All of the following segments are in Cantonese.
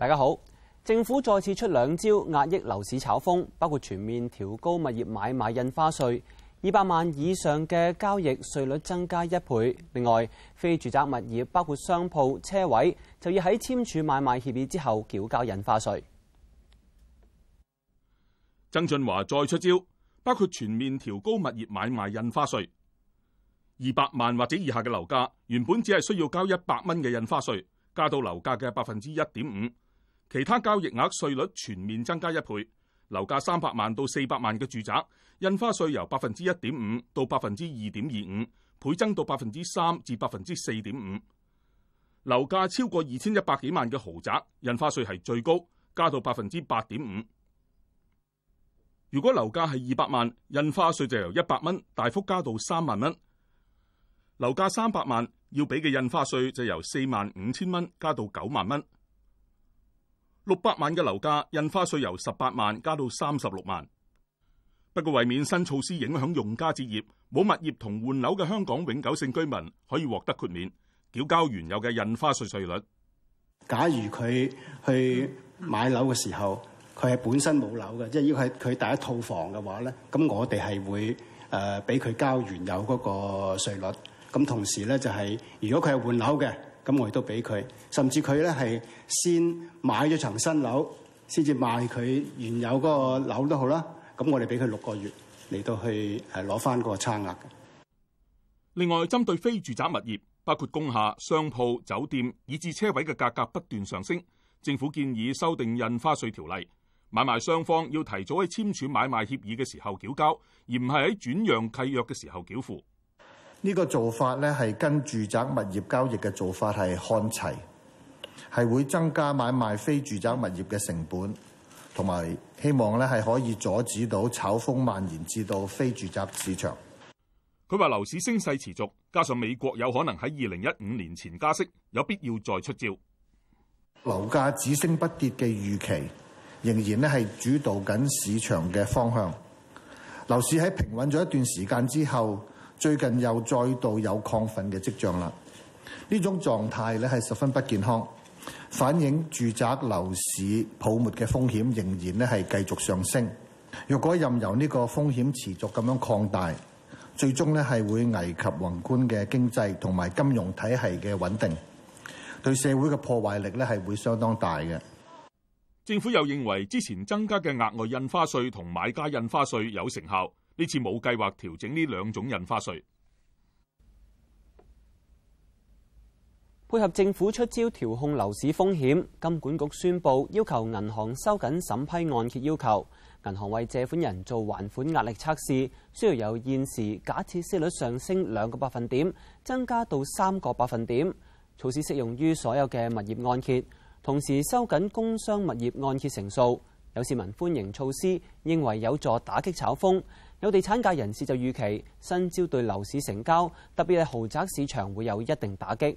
大家好，政府再次出兩招壓抑樓市炒風，包括全面調高物業買賣印花稅，二百萬以上嘅交易稅率增加一倍。另外，非住宅物業，包括商鋪、車位，就要喺簽署買賣協議之後繳交印花稅。曾俊華再出招，包括全面調高物業買賣印花稅，二百萬或者以下嘅樓價，原本只係需要交一百蚊嘅印花稅，加到樓價嘅百分之一點五。其他交易額稅率全面增加一倍，樓價三百萬到四百萬嘅住宅，印花稅由百分之一點五到百分之二點二五，倍增到百分之三至百分之四點五。樓價超過二千一百幾萬嘅豪宅，印花稅係最高，加到百分之八點五。如果樓價係二百萬，印花稅就由一百蚊大幅加到三萬蚊。樓價三百萬要俾嘅印花稅就由四萬五千蚊加到九萬蚊。六百萬嘅樓價印花稅由十八萬加到三十六萬，不過為免新措施影響用家置業，冇物業同換樓嘅香港永久性居民可以獲得豁免，繳交原有嘅印花稅稅率。假如佢去買樓嘅時候，佢係本身冇樓嘅，即係要係佢第一套房嘅話咧，咁我哋係會誒俾佢交原有嗰個稅率。咁同時咧就係、是、如果佢係換樓嘅。咁我亦都俾佢，甚至佢咧係先買咗層新樓，先至賣佢原有嗰個樓都好啦。咁我哋俾佢六個月嚟到去係攞翻個差額。另外，針對非住宅物業，包括工廈、商鋪、酒店以至車位嘅價格不斷上升，政府建議修訂印花稅條例，買賣雙方要提早喺簽署買賣協議嘅時候繳交，而唔係喺轉讓契約嘅時候繳付。呢個做法咧係跟住宅物業交易嘅做法係看齊，係會增加買賣非住宅物業嘅成本，同埋希望咧係可以阻止到炒風蔓延至到非住宅市場。佢話樓市升勢持續，加上美國有可能喺二零一五年前加息，有必要再出招。樓價只升不跌嘅預期仍然咧係主導緊市場嘅方向。樓市喺平穩咗一段時間之後，最近又再度有亢奮嘅迹象啦，呢種狀態呢係十分不健康，反映住宅樓市泡沫嘅風險仍然呢係繼續上升。若果任由呢個風險持續咁樣擴大，最終呢係會危及宏觀嘅經濟同埋金融體系嘅穩定，對社會嘅破壞力呢係會相當大嘅。政府又認為之前增加嘅額外印花稅同買家印花稅有成效。呢次冇計劃調整呢兩種印花稅，配合政府出招調控樓市風險，金管局宣布要求銀行收緊審批按揭要求。銀行為借款人做還款壓力測試，需要由現時假設息率上升兩個百分點，增加到三個百分點。措施適用於所有嘅物業按揭，同時收緊工商物業按揭成數。有市民歡迎措施，認為有助打擊炒風。有地產界人士就預期新招對樓市成交，特別係豪宅市場會有一定打擊。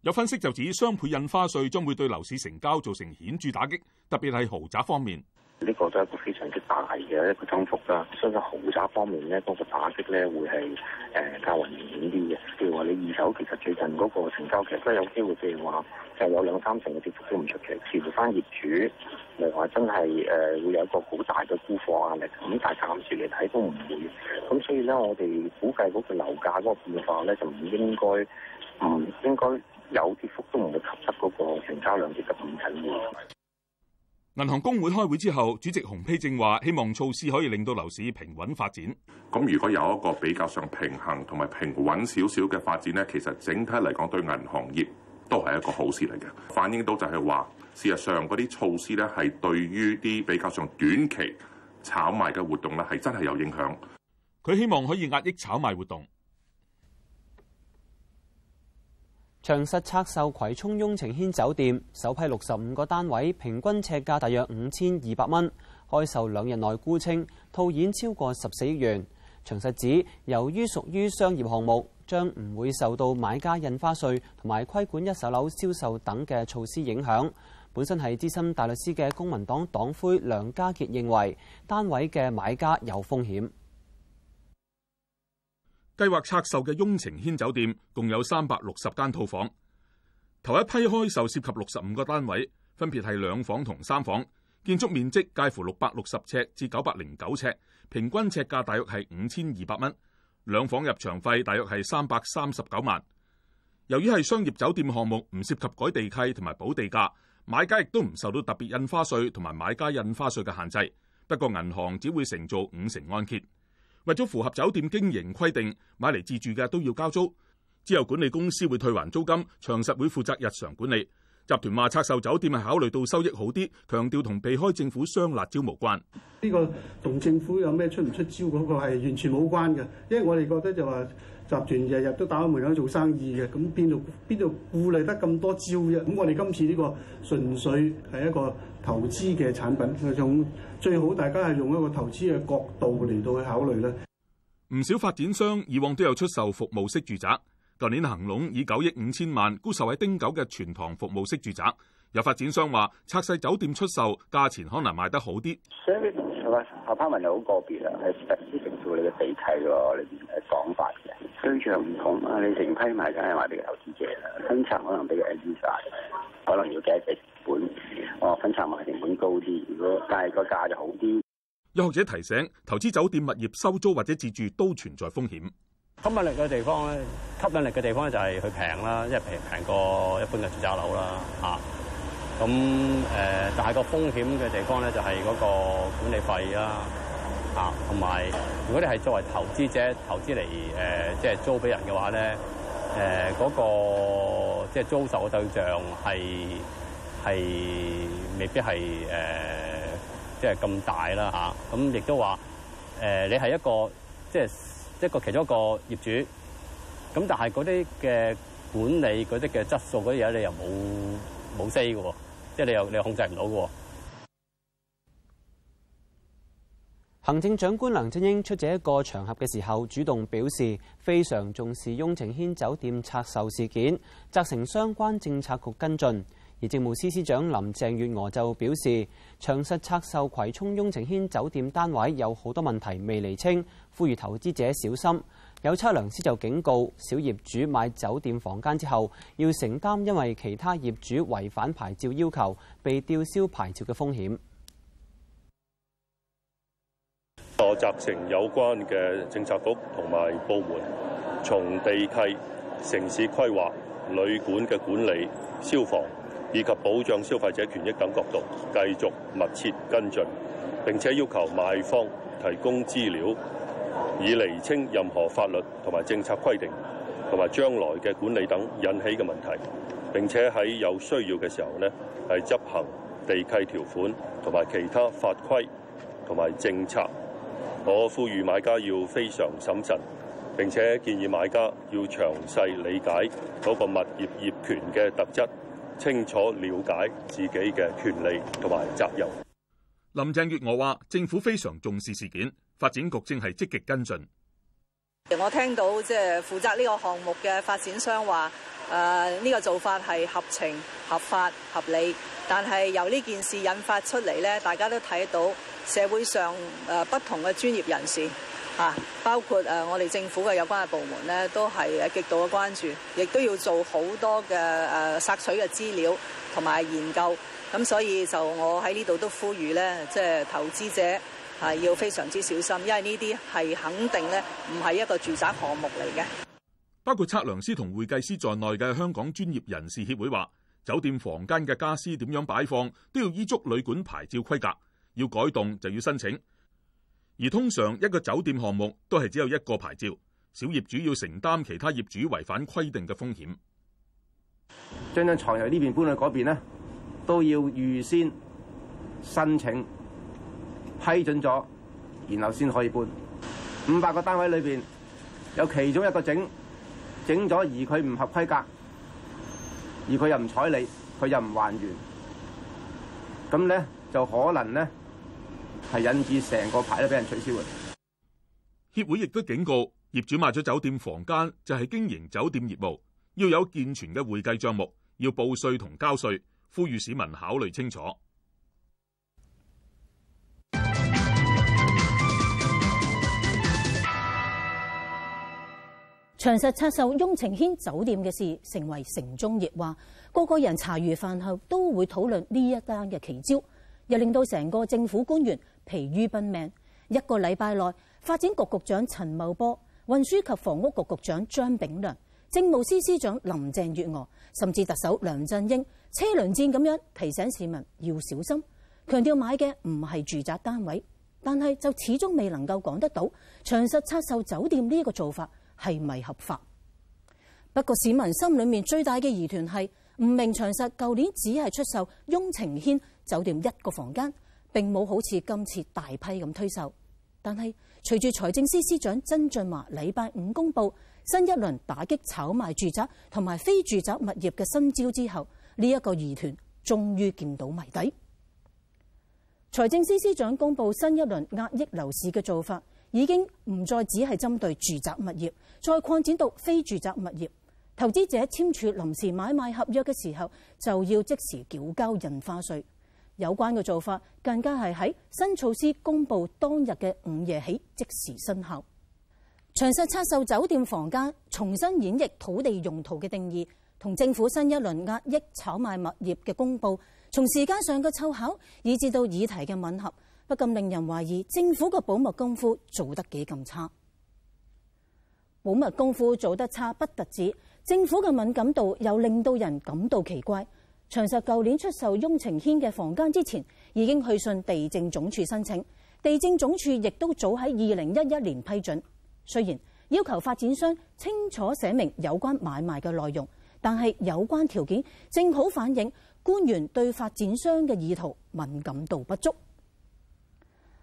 有分析就指，雙倍印花稅將會對樓市成交造成顯著打擊，特別係豪宅方面。呢個都係一個非常之大嘅一個增幅啦，所以喺豪宅方面咧，嗰個打擊咧會係誒、呃、較為明顯啲嘅。譬如話你二手其實最近嗰個成交，其實都有機會，譬如話就有兩三成嘅跌幅都唔出奇。除非翻業主例如話真係誒、呃、會有一個好大嘅沽貨壓力，咁但暫時嚟睇都唔會。咁所以咧，我哋估計嗰個樓價嗰個變化咧，就唔應該唔應該有跌幅都唔會及得嗰個成交量跌得咁緊要。銀行公會開會之後，主席洪丕正話：希望措施可以令到樓市平穩發展。咁如果有一個比較上平衡同埋平穩少少嘅發展呢，其實整體嚟講對銀行業都係一個好事嚟嘅，反映到就係話，事實上嗰啲措施呢係對於啲比較上短期炒賣嘅活動呢係真係有影響。佢希望可以壓抑炒賣活動。長實拆售葵涌雍澄軒酒店首批六十五個單位，平均尺價大約五千二百蚊，開售兩日內沽清，套現超過十四億元。長實指，由於屬於商業項目，將唔會受到買家印花稅同埋規管一手樓銷售等嘅措施影響。本身係資深大律師嘅公民黨黨魁梁家傑認為，單位嘅買家有風險。計劃拆售嘅雍澄軒酒店共有三百六十間套房，頭一批開售涉及六十五個單位，分別係兩房同三房，建築面積介乎六百六十尺至九百零九尺，平均尺價大約係五千二百蚊。兩房入場費大約係三百三十九萬。由於係商業酒店項目，唔涉及改地契同埋補地價，買家亦都唔受到特別印花稅同埋買家印花稅嘅限制。不過銀行只會承做五成按揭。為咗符合酒店經營規定，買嚟自住嘅都要交租。之後管理公司會退還租金，長實會負責日常管理。集團話拆售酒店係考慮到收益好啲，強調同避開政府雙辣招無關。呢個同政府有咩出唔出招嗰個係完全冇關嘅，因為我哋覺得就話集團日日都打開門口做生意嘅，咁邊度邊度顧慮得咁多招嘅？咁我哋今次呢個純粹係一個投資嘅產品，用最好大家係用一個投資嘅角度嚟到去考慮啦。唔少發展商以往都有出售服務式住宅，近年恒隆以九億五千萬沽售喺丁九嘅全堂服務式住宅。有發展商話拆細酒店出售，價錢可能賣得好啲。所以你同阿阿潘文又好個別啊，係特殊情況你嘅地契喎，呢啲係講法嘅。對象唔同，你整批賣緊係話畀投資者啦，分層可能比較 e a s 可能要計一計本哦分拆埋成本高啲，如果但係個價就好啲。有學者提醒，投資酒店物業收租或者自住都存在風險。吸引力嘅地方咧，吸引力嘅地方就係佢平啦，即係平平過一般嘅住宅樓啦。嚇咁、啊呃、但係個風險嘅地方咧，就係嗰個管理費啦。嚇同、啊、埋，如果你係作為投資者投資嚟，誒即係租俾人嘅話咧，嗰、呃嗰個即係、就是、租售嘅對象係。係未必係誒、呃，即係咁大啦嚇。咁亦都話誒，你係一個即係一個其中一個業主咁，但係嗰啲嘅管理嗰啲嘅質素嗰啲嘢，你又冇冇 say 嘅，即係你又你控制唔到嘅。行政長官梁振英出席一個場合嘅時候，主動表示非常重視雍澄軒酒店拆售事件，責成相關政策局跟進。而政務司司長林鄭月娥就表示，長實拆售葵涌雍澄軒酒店單位有好多問題未釐清，呼籲投資者小心。有測量師就警告小業主買酒店房間之後，要承擔因為其他業主違反牌照要求被吊銷牌照嘅風險。我責成有關嘅政策局同埋部門，從地契、城市規劃、旅館嘅管理、消防，以及保障消費者權益等角度，繼續密切跟進，並且要求賣方提供資料，以釐清任何法律同埋政策規定同埋將來嘅管理等引起嘅問題。並且喺有需要嘅時候呢係執行地契條款同埋其他法規同埋政策。我呼籲買家要非常審慎，並且建議買家要詳細理解嗰個物業業權嘅特質。清楚了解自己嘅權利同埋責任。林鄭月娥話政府非常重視事件，發展局正係積極跟進。我聽到即係負責呢個項目嘅發展商話，誒呢個做法係合情、合法、合理。但係由呢件事引發出嚟咧，大家都睇到社會上誒不同嘅專業人士。啊！包括誒我哋政府嘅有關嘅部門咧，都係誒極度嘅關注，亦都要做好多嘅誒索取嘅資料同埋研究。咁所以就我喺呢度都呼籲咧，即係投資者係要非常之小心，因為呢啲係肯定咧唔係一個住宅項目嚟嘅。包括測量師同會計師在內嘅香港專業人士協會話，酒店房間嘅傢俬點樣擺放都要依足旅館牌照規格，要改動就要申請。而通常一個酒店項目都係只有一個牌照，小業主要承擔其他業主違反規定嘅風險。將張床由呢邊搬去嗰邊咧，都要預先申請批准咗，然後先可以搬。五百個單位裏邊，有其中一個整整咗，而佢唔合規格，而佢又唔睬你，佢又唔還原，咁咧就可能咧。係引致成個牌都俾人取消嘅。協會亦都警告業主買咗酒店房間就係、是、經營酒店業務，要有健全嘅會計帳目，要報稅同交稅。呼籲市民考慮清楚。長實拆售雍澄軒酒店嘅事成為城中熱話，個個人茶餘飯後都會討論呢一單嘅奇招，又令到成個政府官員。疲於奔命，一個禮拜內，發展局局長陳茂波、運輸及房屋局局長張炳良、政務司司長林鄭月娥，甚至特首梁振英車輪戰咁樣提醒市民要小心，強調買嘅唔係住宅單位，但係就始終未能夠講得到長實拆售酒店呢一個做法係咪合法？不過市民心裡面最大嘅疑團係唔明長實舊年只係出售雍澄軒酒店一個房間。並冇好似今次大批咁推售，但係隨住財政司司長曾俊華禮拜五公佈新一輪打擊炒賣住宅同埋非住宅物業嘅新招之後，呢一個疑團終於見到謎底。財政司司長公佈新一輪壓抑樓市嘅做法，已經唔再只係針對住宅物業，再擴展到非住宅物業。投資者簽署臨時買賣合約嘅時候，就要即時繳交印花稅。有關嘅做法更加係喺新措施公布當日嘅午夜起即時生效。長實拆售酒店房間、重新演繹土地用途嘅定義，同政府新一輪壓抑炒賣物業嘅公布，從時間上嘅湊巧，以至到議題嘅吻合，不禁令人懷疑政府嘅保密功夫做得幾咁差。保密功夫做得差，不特止，政府嘅敏感度，又令到人感到奇怪。長實舊年出售雍澄軒嘅房間之前，已經去信地政總署申請，地政總署亦都早喺二零一一年批准。雖然要求發展商清楚寫明有關買賣嘅內容，但係有關條件正好反映官員對發展商嘅意圖敏感度不足。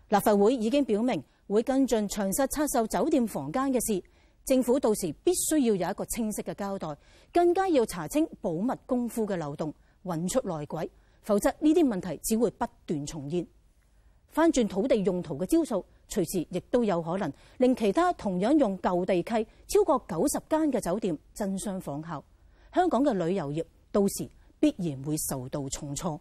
立法會已經表明會跟進長實出售酒店房間嘅事，政府到時必須要有一個清晰嘅交代，更加要查清保密功夫嘅漏洞。揾出內鬼，否則呢啲問題只會不斷重現。翻轉土地用途嘅招數，隨時亦都有可能令其他同樣用舊地契超過九十間嘅酒店爭相仿效。香港嘅旅遊業到時必然會受到重挫。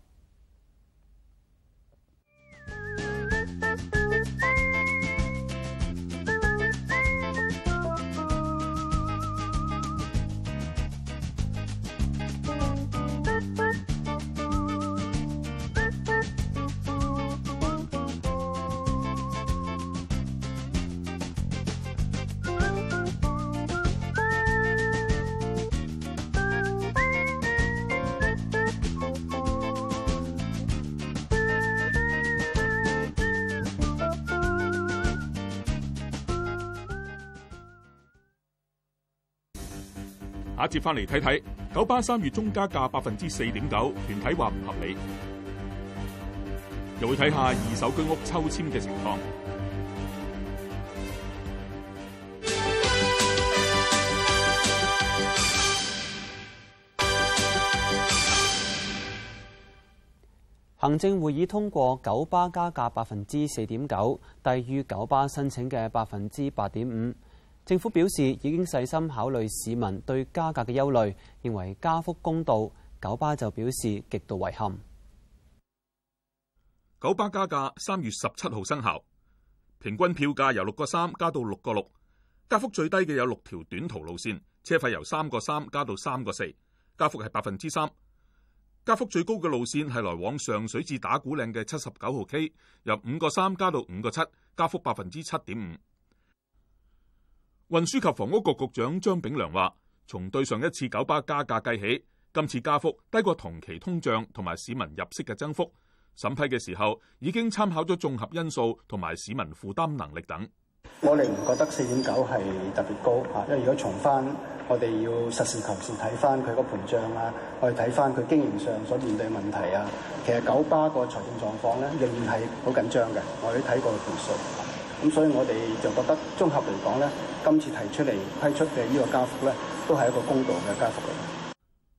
接翻嚟睇睇，九巴三月中加價百分之四點九，團體話唔合理，又會睇下二手居屋抽籤嘅情況。行政會議通過九巴加價百分之四點九，低於九巴申請嘅百分之八點五。政府表示已經細心考慮市民對加價嘅憂慮，認為加幅公道。九巴就表示極度遺憾。九巴加價三月十七號生效，平均票價由六個三加到六個六，加幅最低嘅有六條短途路線，車費由三個三加到三個四，加幅係百分之三。加幅最高嘅路線係來往上水至打鼓嶺嘅七十九號 K，由五個三加到五個七，加幅百分之七點五。運輸及房屋局局長張炳良話，從對上一次九巴加價計起，今次加幅低過同期通脹同埋市民入息嘅增幅。審批嘅時候已經參考咗綜合因素同埋市民負擔能力等。我哋唔覺得四點九係特別高吓，因為如果從翻我哋要實事求是睇翻佢個盤賬啊，我哋睇翻佢經營上所面對嘅問題啊，其實九巴個財政狀況咧仍然係好緊張嘅。我哋睇過盤數。咁所以我哋就覺得綜合嚟講咧，今次提出嚟批出嘅呢個加幅咧，都係一個公道嘅加幅嘅。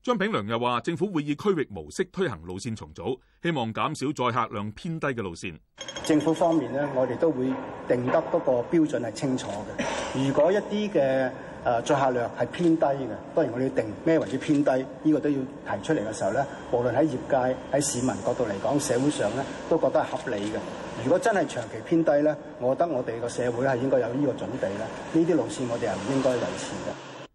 張炳良又話：政府會以區域模式推行路線重組，希望減少載客量偏低嘅路線。政府方面咧，我哋都會定得嗰個標準係清楚嘅。如果一啲嘅誒載客量係偏低嘅，當然我哋要定咩為之偏低，呢個都要提出嚟嘅時候咧，無論喺業界、喺市民角度嚟講，社會上咧都覺得係合理嘅。如果真係長期偏低咧，我覺得我哋個社會係應該有呢個準備啦。呢啲路線我哋係唔應該維持嘅。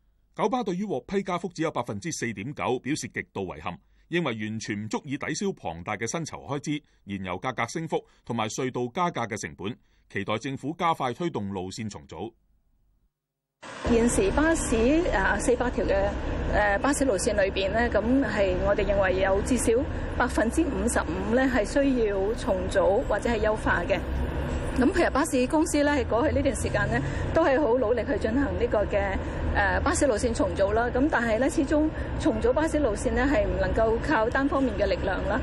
九巴對於獲批加幅只有百分之四點九，表示極度遺憾，認為完全唔足以抵消龐大嘅薪酬開支、燃油價格升幅同埋隧道加價嘅成本。期待政府加快推動路線重組。現時巴士誒四百條嘅誒巴士路線裏邊咧，咁係我哋認為有至少百分之五十五咧係需要重組或者係優化嘅。咁其實巴士公司咧係過去呢段時間咧都係好努力去進行呢個嘅誒、呃、巴士路線重組啦。咁但係咧始終重組巴士路線咧係唔能夠靠單方面嘅力量啦。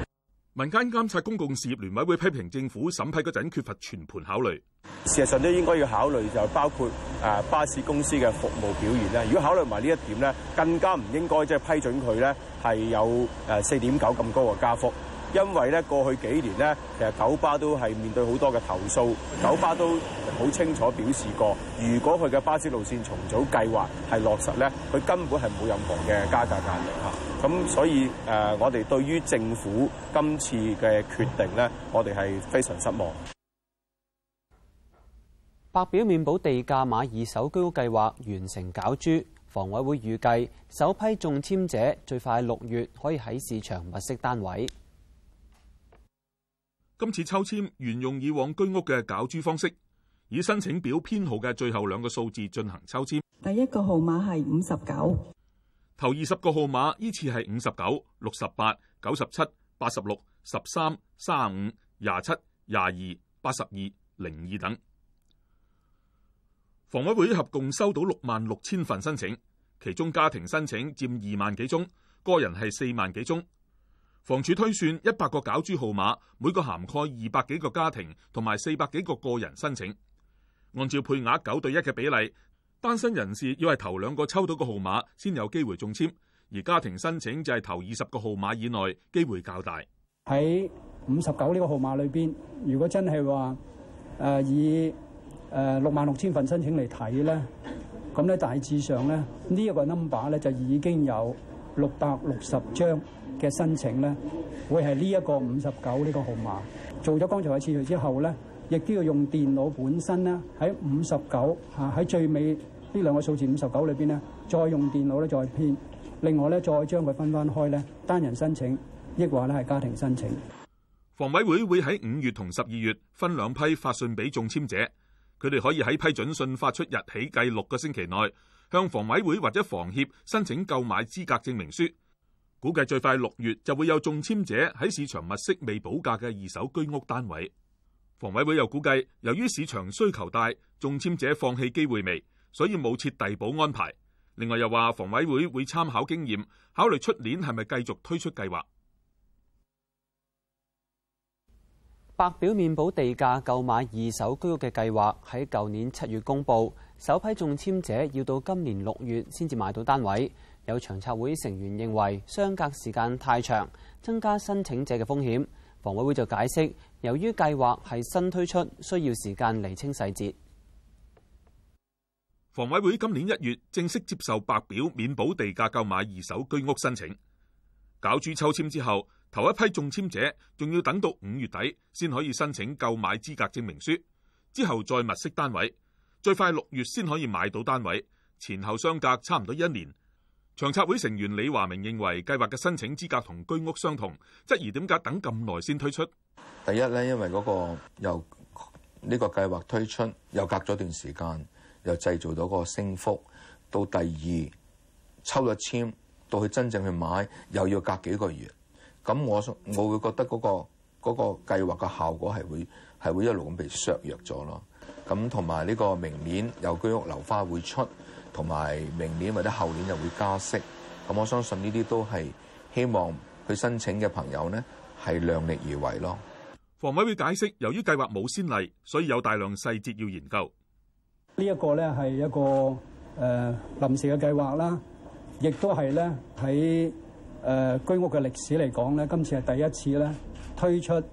民間監察公共事業聯委會，會批評政府審批嗰陣缺乏全盤考慮，事實上都應該要考慮就包括、呃、巴士公司嘅服務表現，如果考慮埋呢一點咧，更加唔應該即係批准佢咧係有誒四點九咁高嘅加幅，因為咧過去幾年咧其實九巴都係面對好多嘅投訴，九巴都好清楚表示過，如果佢嘅巴士路線重組計劃係落實咧，佢根本係冇任何嘅加價壓力嚇。咁所以誒，我哋對於政府今次嘅決定咧，我哋係非常失望。白表免補地價買二手居屋計劃完成攪珠，房委會預計首批中籤者最快六月可以喺市場物色單位。今次抽籤沿用以往居屋嘅攪珠方式，以申請表編號嘅最後兩個數字進行抽籤。第一個號碼係五十九。頭二十個號碼依次係五十九、六十八、九十七、八十六、十三、三十五、廿七、廿二、八十二、零二等。房委會合共收到六萬六千份申請，其中家庭申請佔二萬幾宗，個人係四萬幾宗。房署推算一百個攪珠號碼，每個涵蓋二百幾個家庭同埋四百幾個個人申請。按照配額九對一嘅比例。單身人士要係頭兩個抽到嘅號碼先有機會中簽，而家庭申請就係頭二十個號碼以內機會較大。喺五十九呢個號碼裏邊，如果真係話誒以誒六萬六千份申請嚟睇咧，咁咧大致上咧呢一個 number 咧就已經有六百六十張嘅申請咧會係呢一個五十九呢個號碼做咗剛才嘅次序之後咧。亦都要用電腦本身咧，喺五十九嚇喺最尾呢兩個數字五十九裏邊咧，再用電腦咧再編，另外咧再將佢分翻開咧，單人申請，亦或咧係家庭申請。房委會會喺五月同十二月分兩批發信俾中簽者，佢哋可以喺批准信發出日起計六個星期內向房委會或者房協申請購買資格證明書。估計最快六月就會有中簽者喺市場物色未補價嘅二手居屋單位。房委會又估計，由於市場需求大，中籤者放棄機會未，所以冇設遞補安排。另外又話，房委會會參考經驗，考慮出年係咪繼續推出計劃。白表免補地價購買二手居屋嘅計劃喺舊年七月公布，首批中籤者要到今年六月先至買到單位。有長策會成員認為，相隔時間太長，增加申請者嘅風險。房委會就解釋，由於計劃係新推出，需要時間釐清細節。房委會今年一月正式接受白表免補地價購買二手居屋申請，攪珠抽籤之後，頭一批中籤者仲要等到五月底先可以申請購買資格證明書，之後再物色單位，最快六月先可以買到單位，前後相隔差唔多一年。長策會成員李華明認為，計劃嘅申請資格同居屋相同，質疑點解等咁耐先推出？第一咧，因為嗰個由呢個計劃推出又隔咗段時間，又製造到個升幅；到第二抽咗簽，到去真正去買又要隔幾個月，咁我我會覺得嗰個嗰個計劃嘅效果係會係會一路咁被削弱咗咯。咁同埋呢個明年有居屋樓花會出。同埋明年或者後年又會加息，咁我相信呢啲都係希望去申請嘅朋友咧係量力而為咯。房委會解釋，由於計劃冇先例，所以有大量細節要研究。呢一個咧係一個誒臨時嘅計劃啦，亦都係咧喺誒居屋嘅歷史嚟講咧，今次係第一次咧推出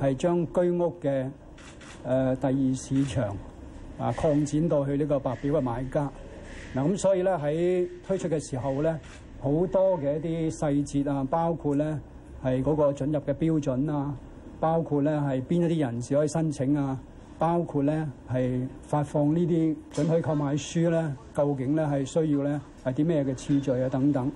係將居屋嘅誒第二市場啊擴展到去呢個白表嘅買家。嗱，咁所以咧喺推出嘅時候咧，好多嘅一啲細節啊，包括咧係嗰個准入嘅標準啊，包括咧係邊一啲人士可以申請啊，包括咧係發放呢啲准許購買書咧，究竟咧係需要咧係啲咩嘅次序啊等等。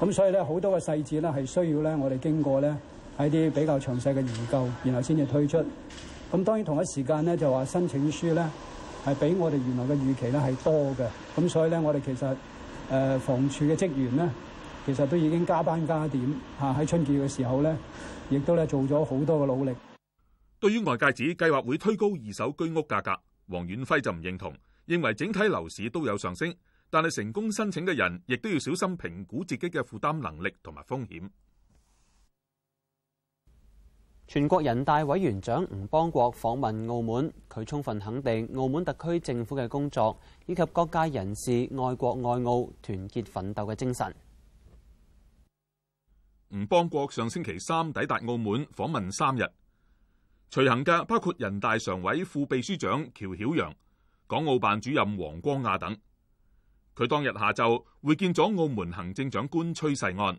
咁所以咧好多嘅細節咧係需要咧我哋經過咧喺啲比較詳細嘅研究，然後先至推出。咁當然同一時間咧就話申請書咧。係比我哋原來嘅預期咧係多嘅，咁所以咧我哋其實誒房署嘅職員呢，其實都已經加班加點，嚇喺春節嘅時候咧，亦都咧做咗好多嘅努力。對於外界指計劃會推高二手居屋價格，黃遠輝就唔認同，認為整體樓市都有上升，但係成功申請嘅人亦都要小心評估自己嘅負擔能力同埋風險。全國人大委員長吳邦國訪問澳門，佢充分肯定澳門特區政府嘅工作以及各界人士愛國愛澳、團結奮鬥嘅精神。吳邦國上星期三抵達澳門訪問三日，隨行嘅包括人大常委副秘書長喬曉陽、港澳辦主任王光亞等。佢當日下晝會見咗澳門行政長官崔世安。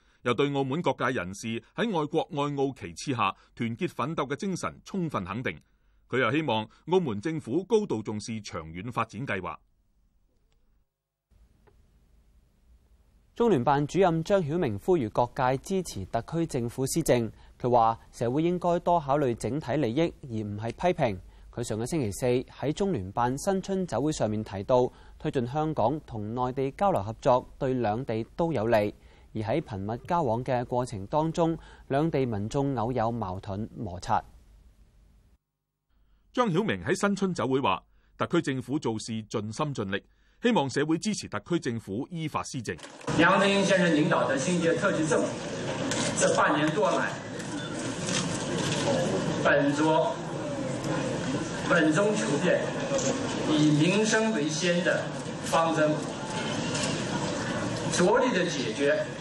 又對澳門各界人士喺愛國愛澳旗幟下團結奮鬥嘅精神充分肯定。佢又希望澳門政府高度重視長遠發展計劃。中聯辦主任張曉明呼籲各界支持特區政府施政。佢話：社會應該多考慮整體利益，而唔係批評。佢上個星期四喺中聯辦新春酒會上面提到，推進香港同內地交流合作，對兩地都有利。而喺頻密交往嘅過程當中，兩地民眾偶有矛盾摩擦。張曉明喺新春酒會話：特區政府做事盡心盡力，希望社會支持特區政府依法施政。梁振英先生領導的新一屆特區政府，這半年多來，本着穩中求變、以民生為先的方針，着力的解決。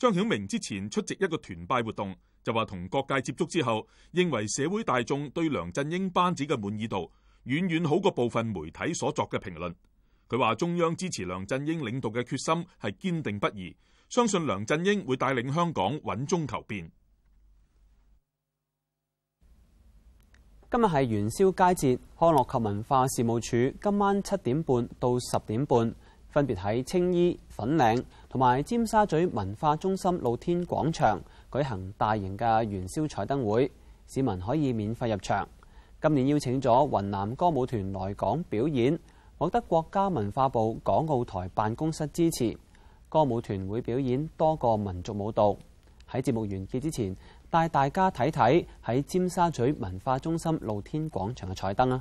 張曉明之前出席一個團拜活動，就話同各界接觸之後，認為社會大眾對梁振英班子嘅滿意度遠遠好過部分媒體所作嘅評論。佢話中央支持梁振英領導嘅決心係堅定不移，相信梁振英會帶領香港穩中求變。今日係元宵佳節，康樂及文化事務署今晚七點半到十點半，分別喺青衣粉嶺同埋尖沙咀文化中心露天廣場舉行大型嘅元宵彩燈會，市民可以免費入場。今年邀請咗雲南歌舞團來港表演，獲得國家文化部港澳台辦公室支持。歌舞團會表演多個民族舞蹈。喺節目完結之前，帶大家睇睇喺尖沙咀文化中心露天廣場嘅彩燈啦。